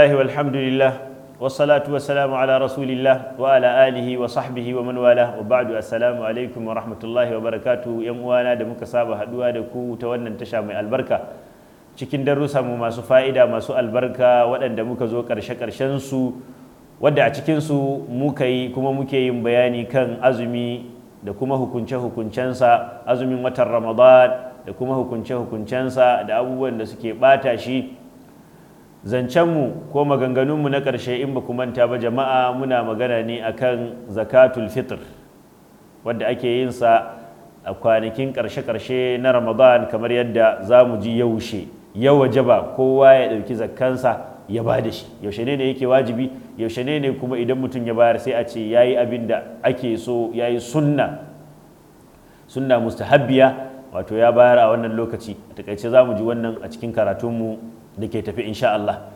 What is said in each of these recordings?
لله والحمد لله والصلاة والسلام على رسول الله وعلى آله وصحبه ومن والاه وبعد السلام عليكم ورحمة الله وبركاته يوم وانا da muka saba haduwa da ku ta wannan tasha mai albarka cikin darussa mu masu fa'ida masu albarka waɗanda muka zo ƙarshe ƙarshen su wadda a cikin su muka yi kuma muke yin bayani kan azumi da kuma hukunce hukuncensa azumin watan Ramadan da kuma hukunce hukuncensa da abubuwan da suke ɓata shi zancenmu ko maganganunmu na ƙarshe in ba ku manta ba jama'a muna magana ne a kan zakatul fitr wadda ake yin sa a kwanakin ƙarshe-ƙarshe na ramadan kamar yadda za mu ji yaushe ya wajaba kowa ya ɗauki zakkansa ya ba da shi yaushe ne ne yake wajibi yaushe ne ne kuma idan mutum ya bayar sai a ce ya yi abin da ake so ya yi sunna sunna mustahabbiya wato ya bayar a wannan lokaci a takaice za mu ji wannan a cikin karatunmu da ke tafi insha Allah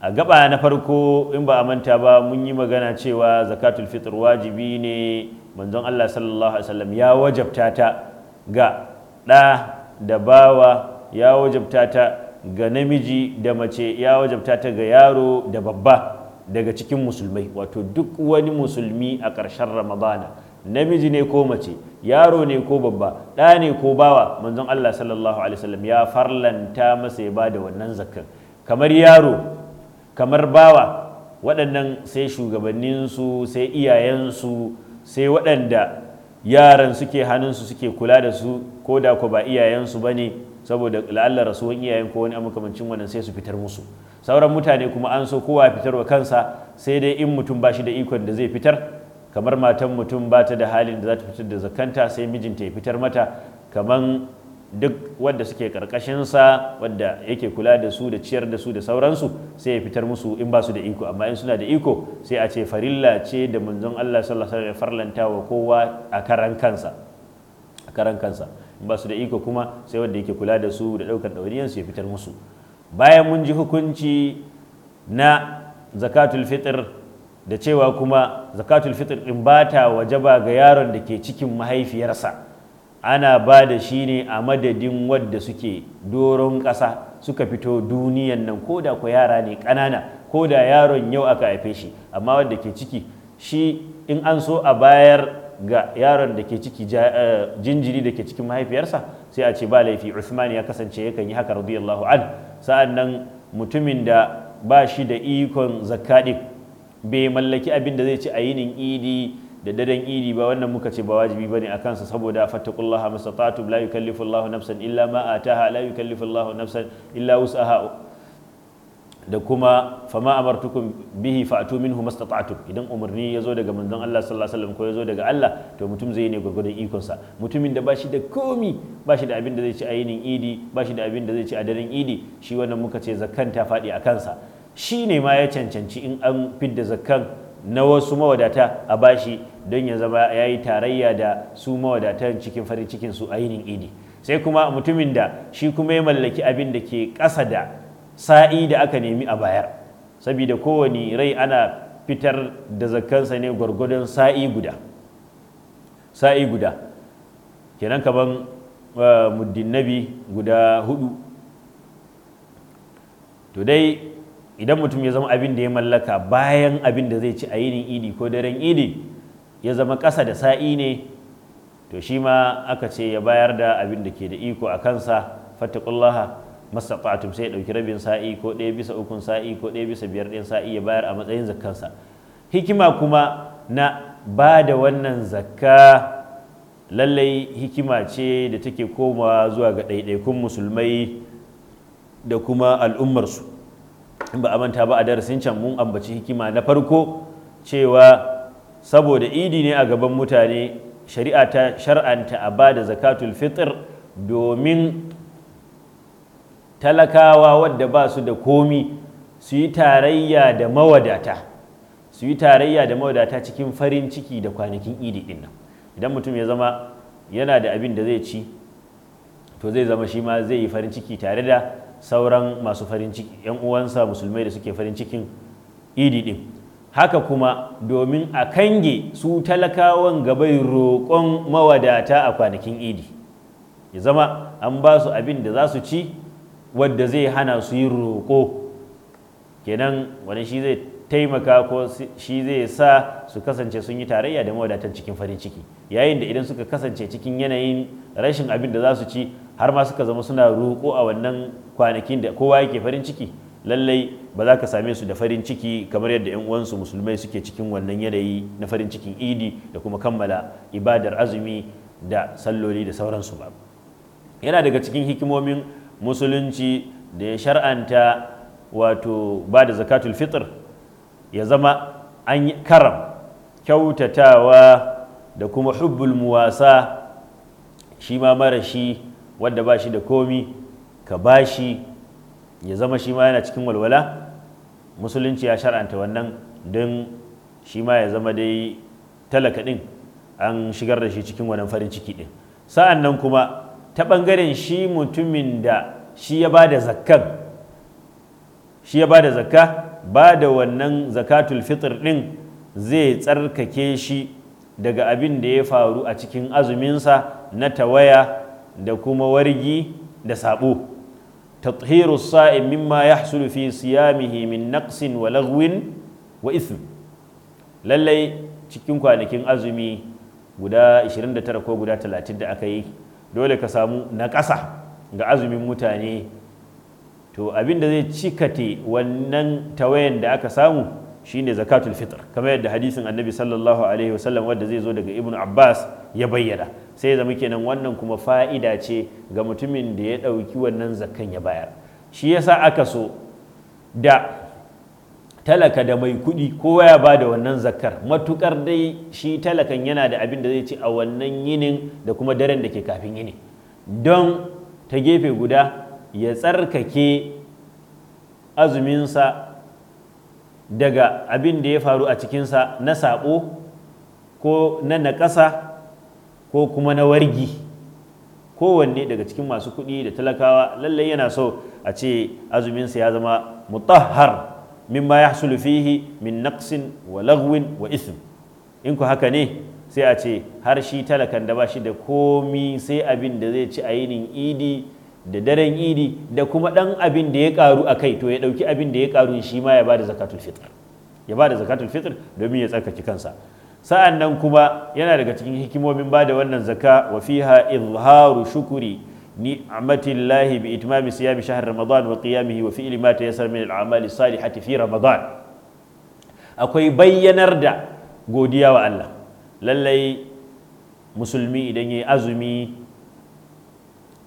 a gaba na farko in ba a manta ba mun yi magana cewa zakatul fitr wajibi ne manzon Allah sallallahu alaihi wasallam ya wajabta ta ga ɗa da bawa ya wajabta ta ga namiji da mace ya wajabta ta ga yaro da babba daga cikin musulmai wato duk wani musulmi a ƙarshen ramadana namiji ne ko mace yaro ne ko babba ɗa ne ko bawa manzon Allah sallallahu alaihi wasallam ya farlanta masa ya ba da wannan zakkan kamar yaro kamar bawa waɗannan sai shugabanninsu sai iyayensu sai waɗanda yaran suke hannunsu suke kula da su ko da ko ba iyayensu ba ne saboda la'alla rasuwan iyayen ko wani makamancin wannan sai su fitar musu sauran mutane kuma an so kowa fitar wa kansa sai dai in mutum ba shi da ikon da zai fitar kamar matan mutum ba ta da halin da za ta fitar da zakanta sai mijinta ya fitar mata kamar duk wadda suke karkashinsa wadda yake kula da su da ciyar da su da sauransu sai ya fitar musu in ba su da iko amma in suna da iko sai a ce farilla ce da manzon Allah sallallahu alaihi ya wa kowa a karan kansa in ba da iko kuma sai wanda yake kula da su da daukar dauriyan su ya fitar musu bayan mun ji hukunci na zakatul fitr da cewa kuma zakatul fitr din ba ta wajaba ga yaron da ke cikin mahaifiyarsa ana ba da shi ne a madadin wadda suke doron ƙasa suka fito duniyan nan ko da ku yara ne ƙanana ko da yaron yau aka haife shi amma wadda ke ciki shi in an so a bayar ga yaron da ke ciki eh, jinjiri da ke cikin mahaifiyarsa sai a ce ba laifi usman ya kasance yakan yi haka radiyallahu an sa'an nan mutumin da ba shi da ikon zakka bai mallaki abin da zai ci a yinin idi da daren idi ba wannan muka ce ba wajibi bane a kansa saboda fattaqullaha mastata'tum la yukallifu Allahu nafsan illa ma ataha la yukallifu Allahu nafsan illa wus'aha da kuma fama amartukum bihi fa'tu minhu mastata'tum idan umarni ya zo daga manzon Allah sallallahu alaihi wasallam ko ya zo daga Allah to mutum zai ne gurgurdan ikon sa mutumin da bashi da komi bashi da abin da zai ci a yinin idi bashi da abin da zai ci a daren idi shi wannan muka ce zakkan ta faɗi a kansa shi ne ma ya cancanci in an fidda zakkan na wasu mawadata a bashi don ya zama ya yi tarayya da su mawadatan cikin farin cikin su ainihin idi sai kuma mutumin da shi kuma ya mallaki abin da ke ƙasa da sa'i da aka nemi a bayar saboda kowane rai ana fitar da zakansa ne gwargwadon sa'i guda sa'i guda kenan kaman eh, muddin nabi guda hudu to dai idan mutum ya zama abin da ya mallaka bayan abin da zai ci a yinin idi ko daren idi ya zama ƙasa da sa'i ne to shi ma aka ce ya bayar da abin da ke da iko a kansa fattakullaha mastata'tum sai ya ɗauki rabin sa'i ko ɗaya bisa ukun sa'i ko ɗaya bisa biyar ɗin sa'i ya bayar a matsayin zakkansa hikima kuma na ba da wannan zakka lallai hikima ce da take komawa zuwa ga ɗaiɗaikun musulmai da kuma al'ummarsu in ba a manta ba a darasin can mun ambaci hikima na farko cewa saboda idi ne a gaban mutane shari'a ta shar'anta a ba da zakatul fitr domin talakawa wadda ba su da komi su yi tarayya da mawadata su yi tarayya da mawadata cikin farin ciki da kwanakin idi din idan mutum ya zama yana da abin da zai ci to zai zama shi ma zai yi farin ciki tare da sauran masu farin ciki yan uwansa musulmai da suke farin cikin idi din haka kuma domin a kange su talakawan gabai roƙon mawadata a kwanakin idi ya zama an ba su abin da za su ci wadda zai hana su yi roƙo kenan wani shi zai taimaka ko shi zai sa su kasance sun yi tarayya da mawadatan cikin farin ciki yayin da idan suka kasance cikin yanayin rashin abin da za su ci har ma suka zama suna roƙo a wannan kwanakin da kowa yake farin ciki lallai ba za ka same su da farin ciki kamar yadda 'yan uwansu musulmai suke cikin wannan yanayi na farin cikin idi da kuma kammala ibadar azumi da salloli da sauransu ba yana daga cikin hikimomin musulunci da ya shar'anta wato ba da zakatul fitr ya zama an yi karam kyautatawa da kuma hubbul muwasa shi ma mara shi Wadda ba shi da komi ka ba shi ya zama shi ma yana cikin walwala musulunci ya shar'anta wannan don shi ma ya zama dai talaka ɗin an shigar da shi cikin wannan farin ciki ɗin sa'an nan kuma ta ɓangaren shi mutumin da shi ya ba da zakkan shi ya ba da zakka ba da wannan zakatul fitr ɗin zai tsarkake shi daga abin da ya faru a cikin azuminsa na tawaya da kuma wargi da sabo tathiru sa'im mimma yahsulu fi siyamihi min naqsin wa lagwin wa ithm lallai cikin kwanakin azumi guda 29 ko guda 30 da aka yi dole ka samu na naƙasa ga azumin mutane to abin da zai cikate wannan tawayen da aka samu shine zakatul fitr kamar yadda hadisin annabi sallallahu alaihi wasallam wanda zai zo daga ibnu abbas ya bayyana sai zama kenan wannan kuma fa'ida ce ga mutumin da ya ɗauki wannan zakan ya bayar shi yasa aka so da talaka da mai kuɗi kowa ya ba da wannan zakar matukar dai shi talakan yana da abin da zai ci a wannan yinin da kuma daren da ke kafin yini don ta gefe guda ya tsarkake azuminsa daga abin da ya faru a cikinsa na saɓo ko na naƙasa ko kuma na wargi kowanne daga cikin masu kuɗi da talakawa lallai yana so a ce azuminsa ya zama mutahhar mimma ya fihi min naqsin wa lagwin wa ism in ku haka ne sai a ce har shi talakan da ba shi da komi sai abin da zai ci a yinin idi da daren idi da kuma ɗan abin da ya karu a kai to ya ɗauki abin da ya karu shi ma ya bada zakatul fitr ya ba zakatul fitr domin ya tsarkake kansa sa'an nan kuma yana daga cikin hikimomin ba da wannan zaka wa fiha izharu shukuri ni'matillahi bi itmami siyami shahar ramadan wa qiyamihi wa fi'li ma tayassara min al'amali salihati fi ramadan akwai bayyanar da godiya wa Allah lallai musulmi idan yayi azumi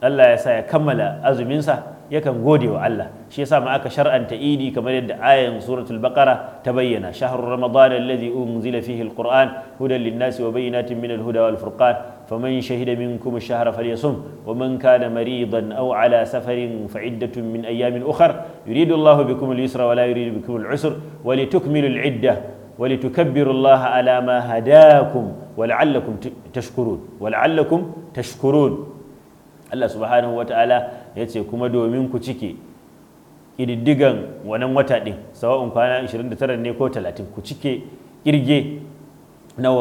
Allah ya sa ya kammala azuminsa yakan gode wa Allah shi yasa ma aka shar'anta idi kamar yadda ayan suratul baqara ta bayyana shahrul ramadan alladhi unzila fihi alquran hudan linnasi wa bayyinatin minal huda wal furqan faman shahida minkum ash-shahra falyasum wa man kana maridan aw ala safarin fa iddatun min ayamin ukhra yuridu Allahu bikum al-yusra wa la yuridu bikum al-usra wa litukmilu al-iddah wa litukabbiru Allah ala ma hadakum wa la'allakum tashkurun wa la'allakum tashkurun Allah subhanahu wa ta'ala ya ce kuma domin ku cike ƙididdigan wannan wata ɗin sawa'un kwana 29 ne ko 30 ku cike ƙirge na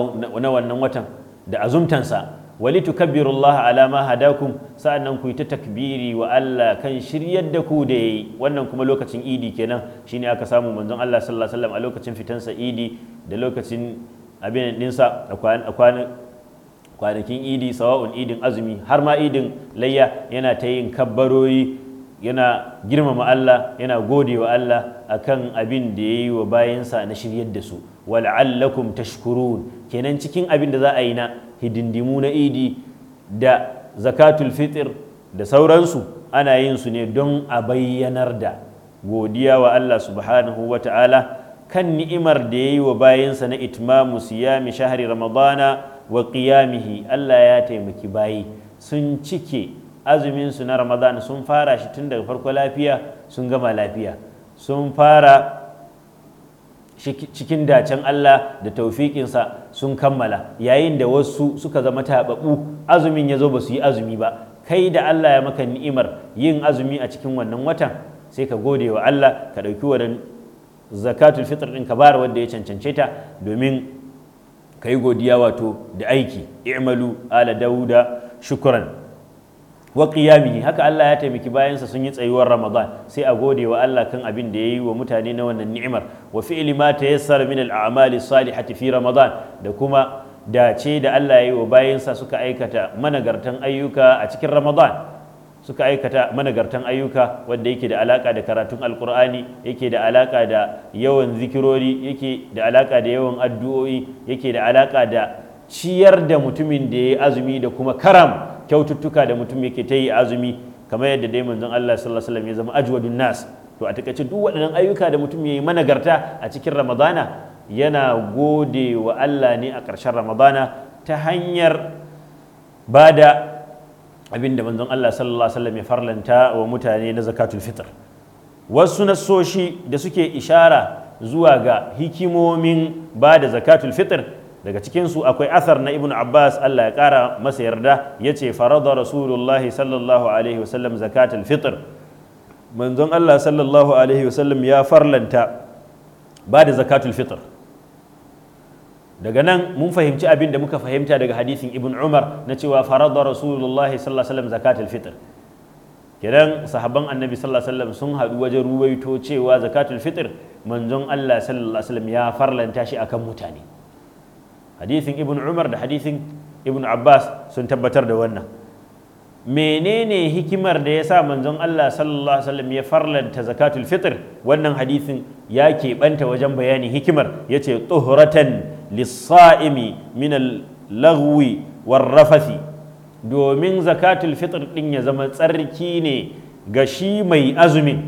wannan watan da azumtansa wali tukabbirullaha ala ma hadakum sa'annan ku yi ta takbiri wa Allah kan shiryar da ku da yayi wannan kuma lokacin idi kenan shine aka samu manzon Allah sallallahu alaihi wasallam a lokacin fitansa idi da lokacin abin dinsa a kwanakin idi sawa'un idin azumi har ma idin layya yana ta yin kabbaroyi yana girmama Allah yana gode wa Allah akan abin da ya yi wa bayansa na shiryar da su wal'allakum tashkurun kenan cikin abin da za a yi na hidindimu na idi da zakatul fitr da sauransu ana yin su ne don a bayyanar da godiya wa Allah subhanahu wa ta'ala kan ni'imar da ya yi wa bayansa na itmamu siyami shahari ramadana wa qiyamihi Allah ya taimaki bayi sun cike azumin su na Ramadan sun fara shi tun daga farko lafiya sun gama lafiya sun fara cikin dacen Allah da taufiƙinsa sun kammala yayin da wasu suka zama taɓaɓu azumin ya zo ba su yi azumi ba kai da Allah ya maka ni'imar yin azumi a cikin wannan watan sai ka gode wa Allah ka ɗauki wannan zakatun fitr ɗin ka bayar wanda ya cancance ta domin ka yi godiya wato da aiki i'malu ala dauda shukran wa qiyamihi haka Allah ya taimaki bayansa sun yi tsayuwar Ramadan sai a gode wa Allah kan abin da yayi wa mutane na wannan ni'imar wa fi'li ma tayassara min al salihati fi Ramadan da kuma dace da Allah ya yi wa bayansa suka aikata managartan ayyuka a cikin Ramadan suka aikata managartan ayyuka wanda yake da alaka da karatun alkur'ani yake da alaka da yawan zikirori yake da alaka da yawan addu'o'i yake da alaka da ciyar da mutumin da ya yi azumi da kuma karam kyaututtuka da mutum yake ta yi azumi kamar yadda dai manzon Allah sallallahu alaihi ya zama ajwadun nas to a takaice duk waɗannan ayyuka da mutum ya yi managarta a cikin ramadana yana gode wa Allah ne a ƙarshen ramadana ta hanyar bada abinda manzon Allah sallallahu alaihi wasallam ya farlanta wa mutane na zakatul fitr wasu nassoshi da suke ishara zuwa ga hikimomin ba da zakatul fitr daga cikinsu akwai athar na ibnu abbas allah ya kara masa yarda ya ce farada rasulullah sallallahu alaihi wasallam zakatul fitr manzon allah sallallahu alaihi wasallam ya farlanta ba da zakatul fitr daga nan mun fahimci abin da muka fahimta daga hadisin ibn umar na cewa da rasulullah sallallahu alaihi zakatul fitr kidan sahabban annabi sallallahu alaihi sun haɗu wajen ruwaito cewa zakatul fitr manzon Allah sallallahu alaihi ya farlanta shi akan mutane hadisin ibn umar da hadisin ibn abbas sun tabbatar da wannan menene hikimar da ya sa manzon Allah sallallahu alaihi wasallam ya farlanta zakatul fitr wannan hadisin ya keɓanta wajen bayani hikimar ya ce tsohuratan lissa'imi min lagwi warrafafi domin zakatul fitr ɗin ya zama tsarki ne ga shi mai azumi.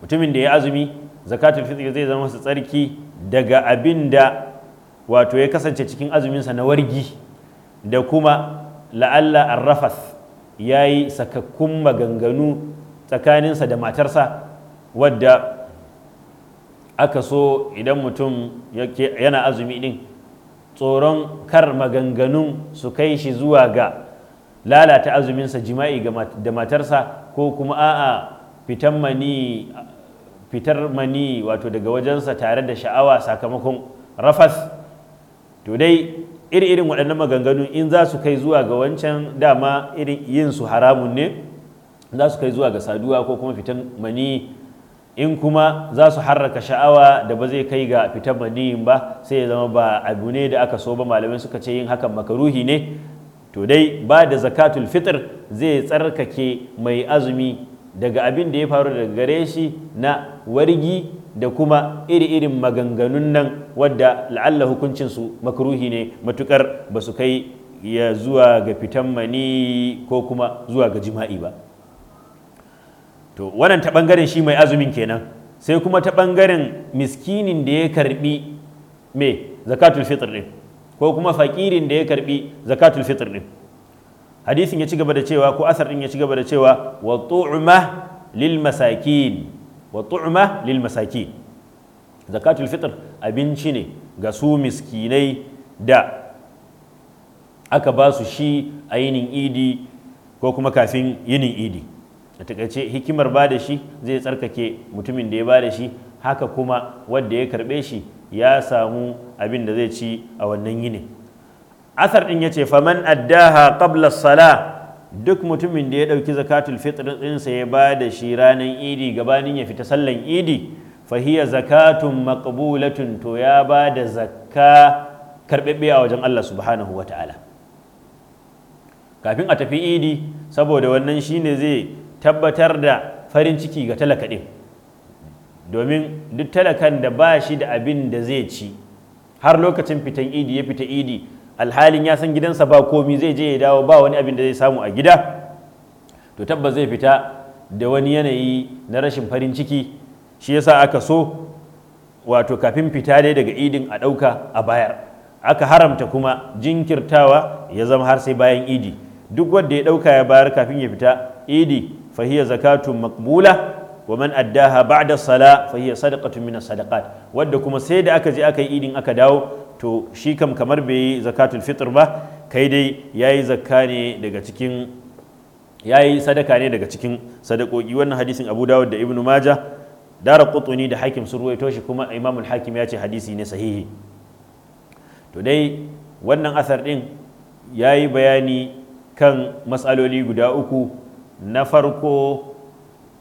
mutumin da ya azumi zakatul fitr zai zama masa tsarki daga abin da wato ya kasance cikin azuminsa na wargi da kuma la'alla arrafas ya yi sakakkun maganganu tsakaninsa da matarsa wadda aka so idan mutum yana azumi din tsoron kar maganganun su kai shi zuwa ga lalata azuminsa jima'i da matarsa ko kuma a'a fitar mani wato daga wajensa tare da sha'awa sakamakon rafas to dai iri-irin waɗannan maganganun in za su kai zuwa ga wancan dama irin yin su haramun ne za su kai zuwa ga saduwa ko kuma fitan mani in kuma za su harraka sha'awa da ba zai kai ga fitan maniyin ba sai ya zama ba abu ne da aka so ba malamai suka ce yin hakan makaruhi ne to dai ba da zakatul fitr zai tsarkake mai azumi daga abin da ya faru daga gare shi na wargi da kuma iri-irin maganganun nan wadda la'alla hukuncinsu makruhi ne matukar ba su kai ya zuwa ga fitan mani ko kuma zuwa ga jima'i ba to wannan ta ɓangaren shi mai azumin kenan sai kuma ta ɓangaren miskinin da ya karbi me zakatul fitr ɗin ko kuma fakirin da ya karbi zakatul fitr ɗin hadisin ya ci gaba da cewa ko asar ɗin ya ci gaba da cewa wa tu'ma lil masakin wa tu'ma lil masaki zakatul fitr abinci ne ga su miskinai da aka ba su shi a yinin idi ko kuma kafin yinin idi a takaice hikimar ba da shi zai tsarkake mutumin da ya ba da shi haka kuma wadda ya karbe shi ya samu abin da zai ci a wannan yini asar din ya ce faman addaha qabla Salah. duk mutumin da ya ɗauki zakatul fitr ɗinsa ya ba da shi ranar idi gabanin ya fita sallan idi fahiya zakatun maqbulatun to ya ba da zakka karɓaɓɓe a wajen Allah subhanahu wa ta'ala kafin a tafi idi saboda wannan shine zai tabbatar da farin ciki ga talaka ɗin domin duk talakan da ba shi da abin da zai ci har lokacin fitan idi ya fita idi alhalin ya san gidansa ba komi zai je ya dawo ba wani abin da zai samu a gida to tabbas zai fita da wani yanayi na rashin farin ciki shi yasa aka so wato kafin fita dai daga idin a ɗauka a bayar aka haramta kuma jinkirtawa ya zama har sai bayan idi duk wanda ya ɗauka ya bayar kafin ya fita idi fahiya zakatun makbula wa man addaha ba'da sala fahiya sadaqatu min sadaqat wanda kuma sai da aka je aka yi idin aka dawo to shi kam kamar bai yi zakatul fitr ba kai dai yayi zakka ne daga cikin yayi sadaka ne daga cikin sadakoki wannan hadisin Abu Dawud da ibnu maja Dara Qutni da Hakim sun ruwaito shi kuma imamul hakim ya ce hadisi ne sahihi to dai wannan asar din yayi bayani kan matsaloli guda uku na farko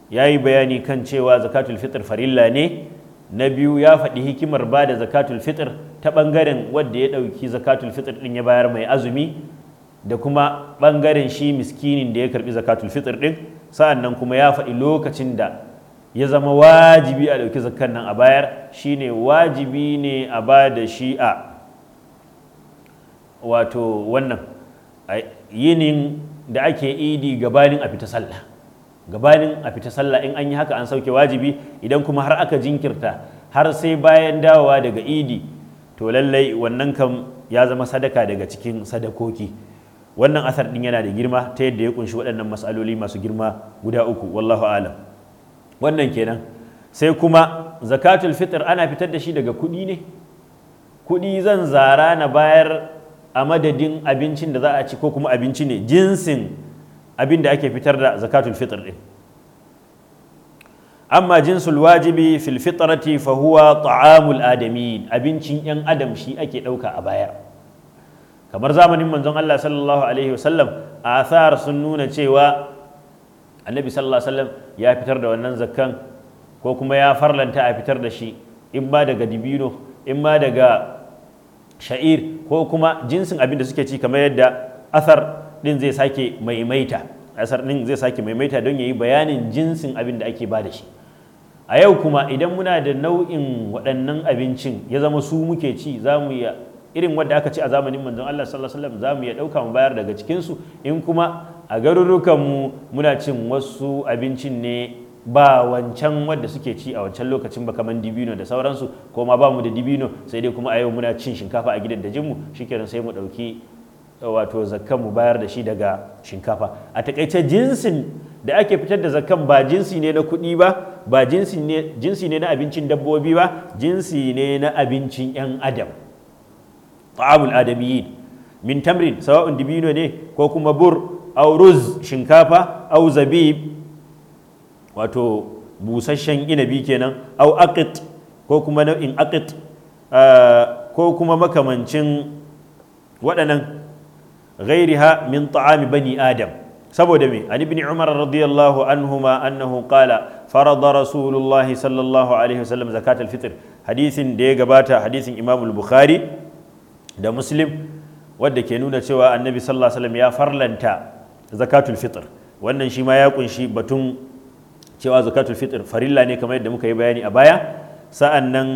ya yi bayani kan cewa zakatul fitr farilla ne na biyu ya faɗi hikimar ba da zakatul fitr ta ɓangaren wadda ya ɗauki zakatul fitr ɗin ya bayar mai azumi da kuma ɓangaren shi miskinin da ya karɓi zakatul fitr ɗin sa'an nan kuma ya faɗi lokacin da ya zama wajibi a ɗauki zakkan nan a bayar shi ne wajibi ne a ba da shi a wato wannan yinin da ake idi gabanin a fita sallah gabanin a fita sallah in an yi haka an sauke wajibi idan kuma har aka jinkirta har sai bayan dawowa daga idi to lallai wannan kam ya zama sadaka daga cikin sadakoki wannan asar din yana da girma ta yadda ya kunshi waɗannan masaloli masu girma guda uku wallahu alam wannan kenan sai kuma zakatul fitr ana fitar da shi daga kuɗi ne kuɗi zan zara na bayar a madadin abincin da za a ci ko kuma abinci ne jinsin abin da ake fitar da zakatul fitr ɗin amma jinsin wajibi fil fitrati fa huwa ta'amul adami abincin yan adam shi ake ɗauka a baya kamar zamanin manzon Allah sallallahu alaihi wasallam sun nuna cewa annabi sallallahu ya fitar da wannan zakkan ko kuma ya farlanta a fitar da shi in ma daga dibino in ma daga sha'ir ko kuma jinsin abin da suke ci kamar yadda athar din zai sake maimaita asar din zai sake maimaita don yayi bayanin jinsin abin da ake ba da shi a yau kuma idan muna da nau'in waɗannan abincin ya zama su muke ci za mu iya irin wadda aka ci a zamanin manzon Allah sallallahu alaihi wasallam za mu iya ɗauka mu bayar daga cikinsu in kuma a mu muna cin wasu abincin ne ba wancan wadda suke ci a wancan lokacin ba kamar dibino da sauransu ko ma ba mu da dibino sai dai kuma a yau muna cin shinkafa a gidan dajinmu shikenan sai mu ɗauki wato zakkan mu bayar da shi daga shinkafa a takaice jinsin da ake fitar da zakan ba jinsi ne na kuɗi ba ba jinsi ne na abincin dabbobi ba jinsi ne na abincin 'yan adam ta'amul adamiyyin min tamrin sawa'un dibino ne ko kuma bur au shinkafa au zabib wato busasshen inabi kenan au aqit ko kuma nau'in aqit ko kuma makamancin waɗannan ha min ta'ami bani adam saboda me an ibn umar radiyallahu anhuma annahu qala farada rasulullah sallallahu alaihi wasallam zakatul fitr hadisin da ya gabata hadisin imam al-bukhari da muslim wadda ke nuna cewa annabi sallallahu alaihi wasallam ya farlanta zakatul fitr wannan shi ma ya kunshi batun cewa zakatul fitr farilla ne kamar yadda muka yi bayani a baya sa'an nan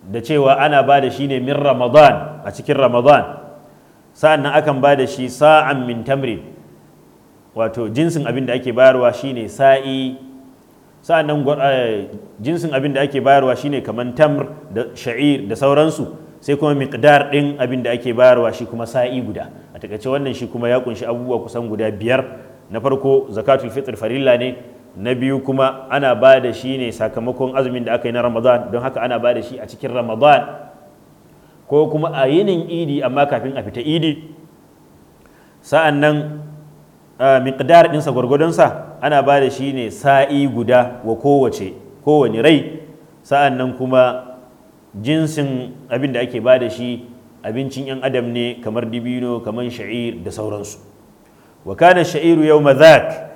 da cewa ana ba da shi ne min ramadan a cikin ramadan sa'an nan akan ba da shi sa'an min tamrin wato jinsin abin da ake bayarwa shine sa'i sa'annan eh, jinsin abin da ake bayarwa shine kamar tamr da sha'ir da sauransu sai kuma miqdar din abin da ake bayarwa shi kuma sa'i guda a takaice wannan shi kuma ya kunshi abubuwa kusan guda biyar na farko zakatul fitr farilla ne na biyu kuma ana ba da shi ne sakamakon azumin da aka yi na ramadan don haka ana ba da shi a cikin ramadan ko kuma a yinin idi amma kafin a fita idi sa'annan miqdar ɗinsa gwargwadonsa ana ba da shi ne sa'i guda wa kowace kowane rai sa'an nan kuma jinsin abin da ake ba da shi abincin 'yan adam ne kamar dibino kamar sha'ir da sauransu wa kana sha'iru yau mazak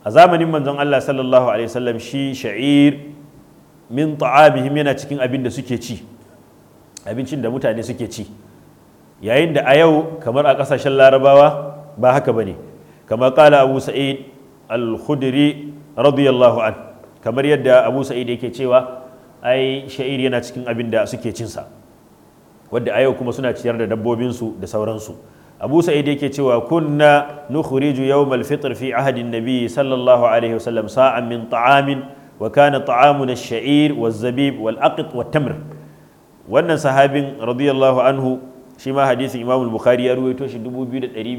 a zamanin manzon Allah sallallahu alaihi wasallam shi sha'ir min ta'amihim yana cikin abin da suke ci abincin da mutane suke ci yayin da a yau kamar a ƙasashen larabawa ba haka ba ne kama kala abu sa'id al radiyallahu an kamar yadda abu sa'id yake cewa ai sha'ir yana cikin abin da suke cinsa wadda a yau kuma suna ciyar da dabbobinsu da sauransu abu sa'id yake cewa kunna nukhriju yawmal fitr fi ahadin nabi sallallahu alaihi wasallam sa'an min ta'amin wa kana ta'amuna ash-sha'ir waz-zabib wal-aqit wat-tamr wannan sahabin radiyallahu anhu shi ma hadisin imam al-bukhari ya ruwaito shi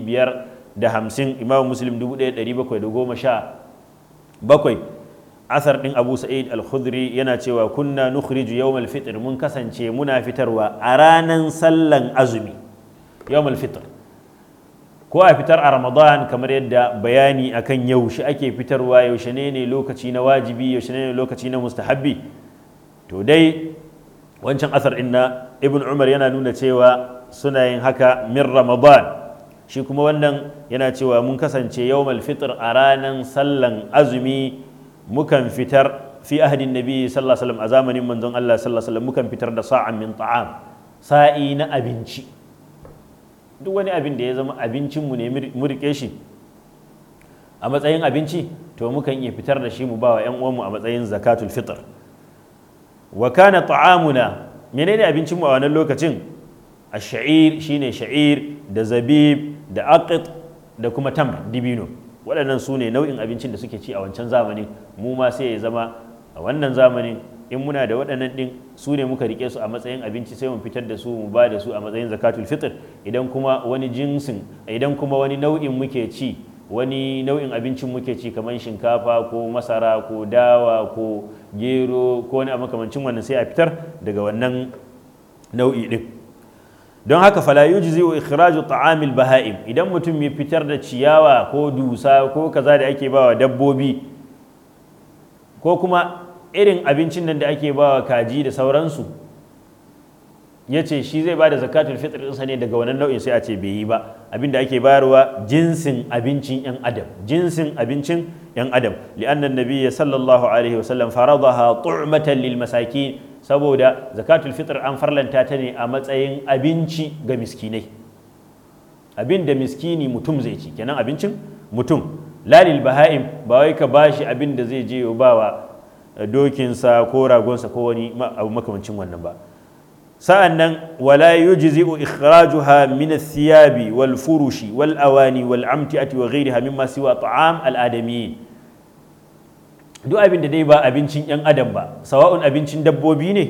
biyar. da hamsin imam muslim dubu ɗaya ɗari bakwai da goma sha bakwai asar ɗin abu sa'id al-khudri yana cewa kunna nukhriju yawmal fitr mun kasance muna fitarwa a ranan sallan azumi yawmal fitr ko a fitar a ramadan kamar yadda bayani akan yaushe ake fitarwa yaushe ne ne lokaci na wajibi yaushe ne ne lokaci na mustahabbi to dai wancan asar ɗin na ibn umar yana nuna cewa suna yin haka min ramadan shi kuma wannan yana cewa mun kasance yawmal fitr a ranar sallan azumi mukan fitar fi ahadin nabi sallallahu alaihi wasallam a zamanin manzon Allah sallallahu alaihi mukan fitar da sa'an min ta'am sa'i na abinci duk wani abin da ya zama abincin mu ne mu rike shi a matsayin abinci to mukan iya fitar da shi mu bawa 'yan uwanmu a matsayin zakatul fitr wa kana ta'amuna menene abincin mu a wannan lokacin ash-sha'ir shine sha'ir da zabib da aqit da kuma tam dibino waɗannan su ne nau'in abincin da suke ci a wancan zamanin mu ma sai ya zama a wannan zamanin in muna da waɗannan ɗin su ne muka rike su a matsayin abinci sai mu fitar da su mu ba da su a matsayin zakatul fitr idan kuma wani jinsin idan kuma wani nau'in muke ci wani nau'in abincin muke ci kamar shinkafa ko masara ko dawa ko gero ko wani makamancin wannan sai a fitar daga wannan nau'i ɗin don haka fala yujzi wa ikhraju ta'amil baha'im idan mutum ya fitar da ciyawa ko dusa ko kaza da ake bawa dabbobi ko kuma irin abincin nan da ake bawa kaji da sauransu ya ce shi zai ba da zakatul fitr sa ne daga wannan nau'in sai a ce bai yi ba abin da ake bayarwa jinsin abincin yan adam jinsin abincin yan adam li'anna nabiyya sallallahu alaihi wasallam faradaha tu'matan lil masakin saboda zakatul fitr an farlanta ta ne a matsayin abinci ga miskinai abin da miskini mutum zai ci kenan abincin mutum lalil baha'im ba wai ka bashi abin da zai je bawa dokinsa ko ragonsa ko wani abu makamancin wannan ba sa'an nan wala yujzi'u ikhrajuha min Siyabi, thiyabi wal furushi wal awani wal amti'ati wa ghayriha mimma siwa ta'am al duk abin da dai ba abincin 'yan adam ba sawa'un abincin dabbobi ne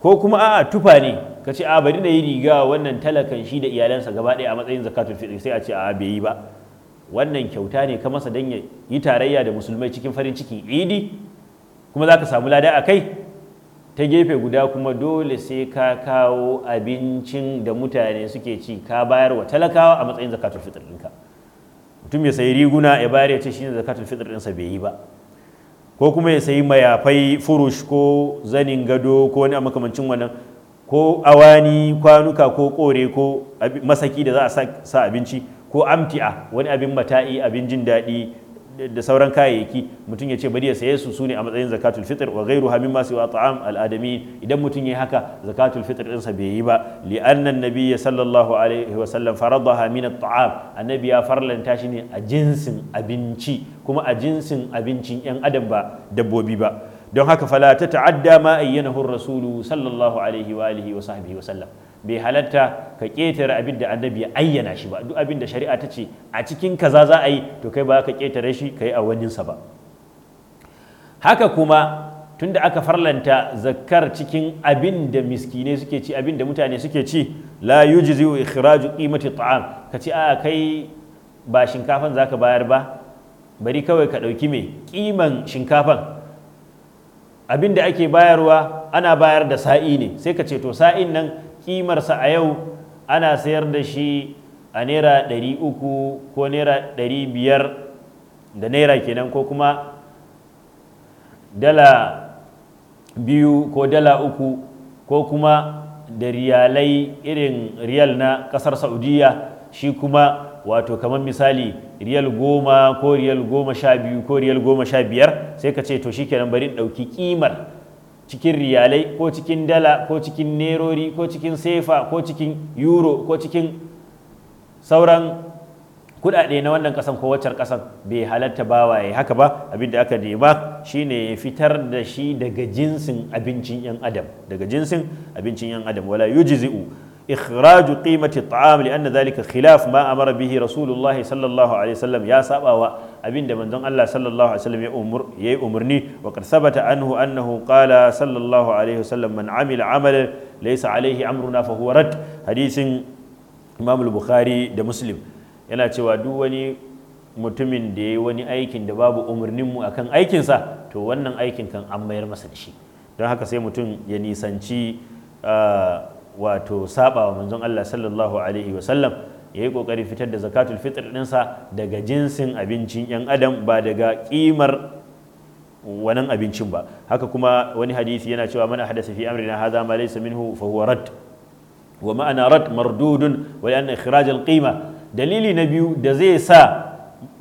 ko kuma a'a tufa ne ka ce a bari na yi riga wannan talakan shi da iyalansa gaba ɗaya a matsayin zakatul fitr sai a ce a bai yi ba wannan kyauta ne ka masa dan ya yi tarayya da musulmai cikin farin cikin idi kuma za ka samu lada a kai ta gefe guda kuma dole sai ka kawo abincin da mutane suke ci ka bayar wa talakawa a matsayin zakatul fitr ɗinka mutum ya sayi riguna ya bayar ya ce shine zakatul fitr ɗinsa bai yi ba ko kuma ya sayi mayafai furush ko zanin gado ko wani a makamancin wannan ko awani kwanuka ko kore ko masaki da za a sa abinci ko amti'a wani abin mata'i abin jin daɗi da sauran kayayyaki mutum ya ce bari ya saye su ne a matsayin zakatul fitr wa hamin mimma wa ta'am al'adami idan mutum yi haka zakatul fitr din sa bai yi ba li anna annabiyya sallallahu alaihi wa sallam faradaha min at ta'am annabi ya farlanta shi ne a jinsin abinci kuma a jinsin abincin yan adam ba dabbobi ba don haka fala ta ta'adda ma ayyanahu rasulu sallallahu alaihi wa alihi wa sahbihi wa sallam bai halatta ka ƙetare abin da annabi ya ayyana shi ba duk abin da shari'a ta ce a cikin kaza za a yi to kai ba ka ƙetare shi ka yi a waninsa ba haka kuma tunda aka farlanta zakkar cikin abin da miskinai suke ci abin da mutane suke ci la yujzi wa ikhraju qimati ta'am ka ci a kai ba shinkafan zaka bayar ba bari kawai ka ɗauki me Ƙiman shinkafan abin da ake bayarwa ana bayar da sa'i ne sai ka ce to sa'in nan kimarsa a yau ana sayar da shi a naira 300 ko naira 500 da naira kenan ko kuma dala biyu ko dala uku ko kuma da riyalai irin riyal na ƙasar saudiya shi kuma wato kamar misali riyal goma ko riyal goma sha biyu ko riyal goma sha biyar sai ka ce to shi kenan bari ɗauki ƙimar cikin riyalai ko cikin dala ko cikin nerori ko cikin sefa ko cikin euro ko cikin sauran kudade na wannan kasan ko waccan kasan bai halatta bawaye haka ba abinda aka nema shine ya fitar da shi daga jinsin abincin yan adam daga jinsin abincin yan adam wala yujzi'u ikhraju qimati ta'am li anna dhalika khilaf ma bihi rasulullah sallallahu alaihi wasallam ya sabawa abinda manzon Allah sallallahu alaihi wasallam ya umur yayi umurni wa sabata anhu annahu qala sallallahu alaihi wasallam man amila amalan laisa alaihi amruna fa huwa rad hadisin imam al-bukhari da muslim yana cewa duk wani mutumin da yayi wani aikin da babu umurnin mu akan aikinsa to wannan aikin kan an mayar masa da shi don haka sai mutum ya nisanci wato saba wa manzon Allah sallallahu alaihi wasallam ya yi kokari fitar da zakatul fitr ɗinsa daga jinsin abincin yan adam ba daga kimar wannan abincin ba haka kuma wani hadisi yana cewa man ahdasa fi amrina hadha ma laysa minhu fa huwa rad wa ma'ana rad mardudun wa an ikhraj al qima dalili na biyu da zai sa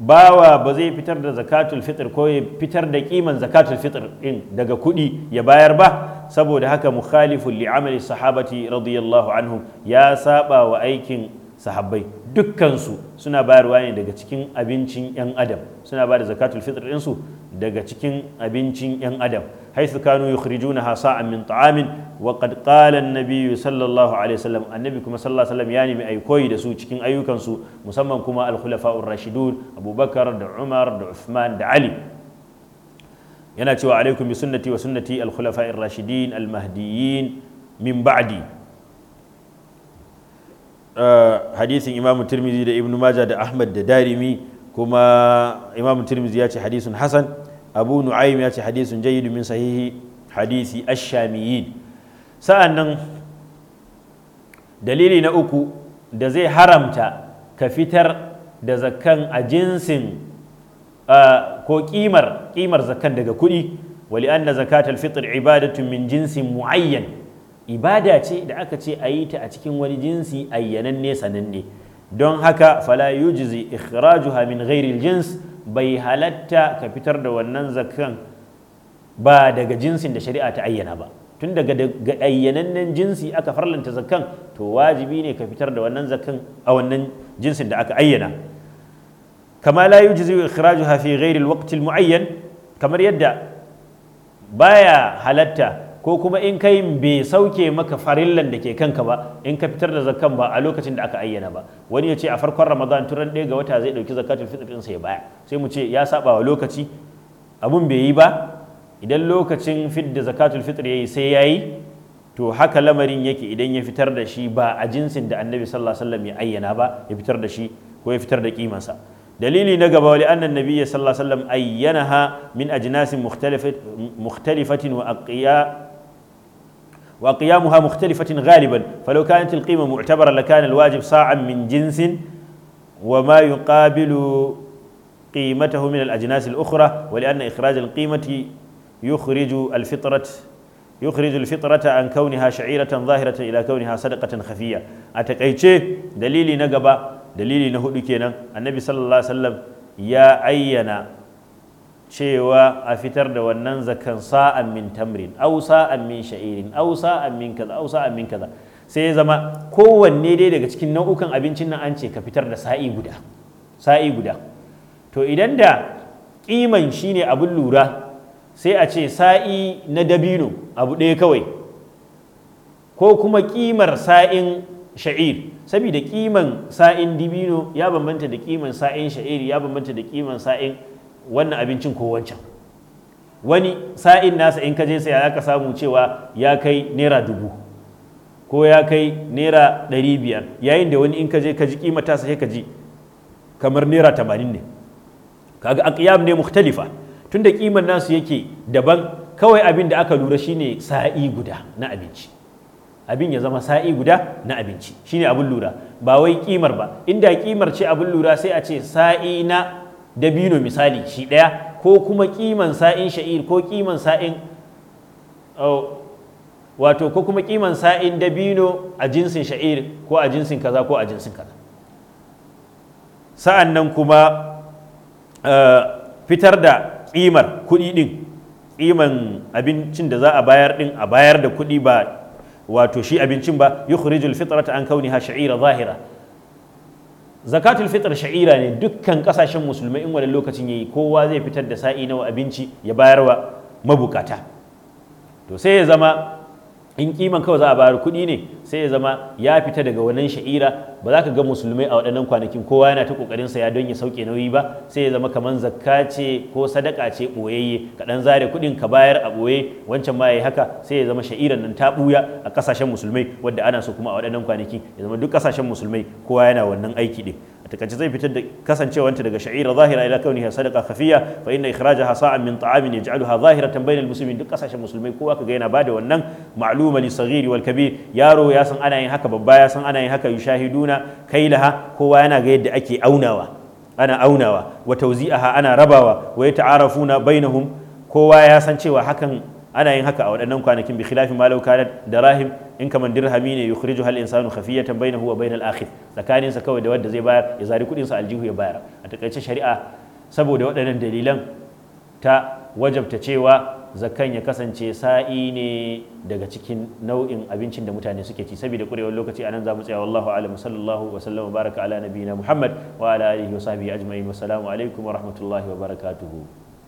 bawa ba zai fitar da zakatul fitr ko ya fitar da kiman zakatul fitr din daga kuɗi ya bayar ba saboda haka mukhalifun li'amali sahabati radiyallahu anhum ya saba wa aikin sahabbai dukkansu suna bayarwa ne daga cikin abincin 'yan adam suna ba da zakatul fitr ɗinsu daga cikin abincin 'yan adam haithu kanu yukhrijunaha sa'an min ta'amin wa qad qala an sallallahu alaihi wasallam annabi kuma sallallahu alaihi wasallam ya nemi ai koyi da su cikin ayyukansu musamman kuma al-khulafa'ur rashidun abubakar da umar da uthman da ali yana cewa alaikum bi sunnati wa sunnati al-khulafa'ir rashidin al-mahdiyyin min ba'di uh, hadisin imamu tirmizi da ibnu maja da ahmad da darimi kuma imamu tirmizi ya ce hadisun hasan abu nu'aym ya ce hadisun jayyidu min sahihi hadisi ash-shamiyin sa'an dalili na uku da zai haramta ka fitar da zakkan a jinsin ko kimar kimar zakan daga kuɗi wali na zakatul fitr ibadatun min jinsin muayyan ibada ce da aka ce a yi ta a cikin wani jinsi ayyananne sananne don haka fala yujzi ikhrajuha min ghairi jins bai halatta ka fitar da wannan zakan ba daga jinsin da shari'a ta ayyana ba tun daga ayyanannen jinsi aka farlanta zakan to wajibi ne ka fitar da wannan zakan a wannan jinsin da aka ayyana kama la yujzi hafi fi ghairi mu ayyan kamar yadda baya halatta ko kuma in kai bai sauke maka farillan da ke kanka ba in ka fitar da zakkan ba a lokacin da aka ayyana ba wani ya ce a farkon ramadan turan ɗaya ga wata zai ɗauki zakatul fitr ɗinsa ya baya sai mu ce ya saba wa lokaci abun bai yi ba idan lokacin fidda zakatul fitr yayi sai yayi to haka lamarin yake idan ya fitar da shi ba a jinsin da annabi sallallahu alaihi wasallam ya ayyana ba ya fitar da shi ko ya fitar da kimansa دليلي na ولأن النبي صلى الله عليه وسلم أينها من أجناس مختلفة مختلفة وأقياء وقيامها مختلفة غالبا فلو كانت القيمة معتبرة لكان الواجب صاعا من جنس وما يقابل قيمته من الأجناس الأخرى ولأن إخراج القيمة يخرج الفطرة يخرج الفطرة عن كونها شعيرة ظاهرة إلى كونها صدقة خفية أتقيتشي دليلي نقبة dalili na hudu kenan annabi sallallahu alaihi wasallam ya ayyana cewa a fitar da wannan zakan sa'an min tamrin au sa'an min sha'irin au sa'an min kaza au sa'an min kaza sai ya zama kowanne dai daga cikin nau'ukan abincin nan an ce ka fitar da sa'i guda sa'i guda to idan da kiman shine abin lura sai a ce sa'i na dabino abu ɗaya kawai ko kuma kimar sa'in sha'ir saboda kiman sa'in dibino ya bambanta da kiman sa'in sha'ir ya bambanta da kiman sa'in wannan abincin ko wancan wani sa'in nasa in ka je saya ka samu cewa ya kai naira dubu ko ya kai naira ɗari biyar yayin da wani in kaje je ka ji kima ta sai ka ji kamar naira tamanin ne kaga aqyam ne mukhtalifa tunda kiman nasu yake daban kawai abin da aka lura shine sa'i guda na abinci abin ya zama sa'i guda na abinci shine abin lura ba wai kimar ba inda kimar ce abin lura sai a ce sa'i na dabino misali shi ɗaya ko kuma kiman sa'in sha'ir ko kiman sa'in oh, wato ko kuma kiman sa'in dabino a jinsin sha'ir ko a jinsin kaza ko a jinsin kaza sa'an nan kuma eh, fitar da kimar kuɗi ɗin kiman abincin da za a bayar ɗin a bayar da kuɗi ba wato shi abincin ba yukhrijul ta an kauniha sha'ira zahira zakatul fitr sha'ira ne dukkan kasashen musulmai in wani lokacin yayi kowa zai fitar da sa'i nawa abinci ya bayarwa mabukata to sai ya zama in kiman kawai za a bayar kuɗi ne sai ya zama ya fita daga wannan sha'ira ba za ka ga musulmai a waɗannan kwanakin kowa yana ta ƙoƙarin saya don ya sauke nauyi ba sai ya zama kamar zakka ce ko sadaka ce ɓoyayye ka ɗan zare kuɗin ka bayar a ɓoye wancan ma yayi haka sai ya zama sha'iran nan ta ɓuya a ƙasashen musulmai wadda ana so kuma a waɗannan kwanaki ya zama duk ƙasashen musulmai kowa yana wannan aiki ɗin takaice zai fitar da kasancewanta daga sha'ira zahira ila kauniha sadaqa khafiya fa inna ikhrajaha sa'an min ta'amin yaj'aluha zahiratan bainal muslimin duk kasashen musulmai kowa kaga yana bada wannan ma'luma li wal kabir yaro ya san ana yin haka babba ya san ana yin haka yushahiduna kailaha kowa yana ga yadda ake aunawa ana aunawa wa tawzi'aha ana rabawa wa yata'arafuna bainahum kowa ya san cewa hakan ana yin haka a waɗannan kwanakin bi khilafin ma law kanat darahim in kaman dirhami ne yukhriju hal insanu khafiyatan bainahu wa bainal akhir tsakanin sa kawai da wanda zai bayar ya zari kudin sa aljihu ya bayar a takaice shari'a saboda waɗannan dalilan ta wajabta cewa zakan ya kasance sa'i ne daga cikin nau'in abincin da mutane suke ci saboda kurewar lokaci anan zamu tsaya wallahu a'lam sallallahu wa sallam baraka ala nabiyina muhammad wa ala alihi wa sahbihi ajma'in wassalamu alaikum wa rahmatullahi wa barakatuhu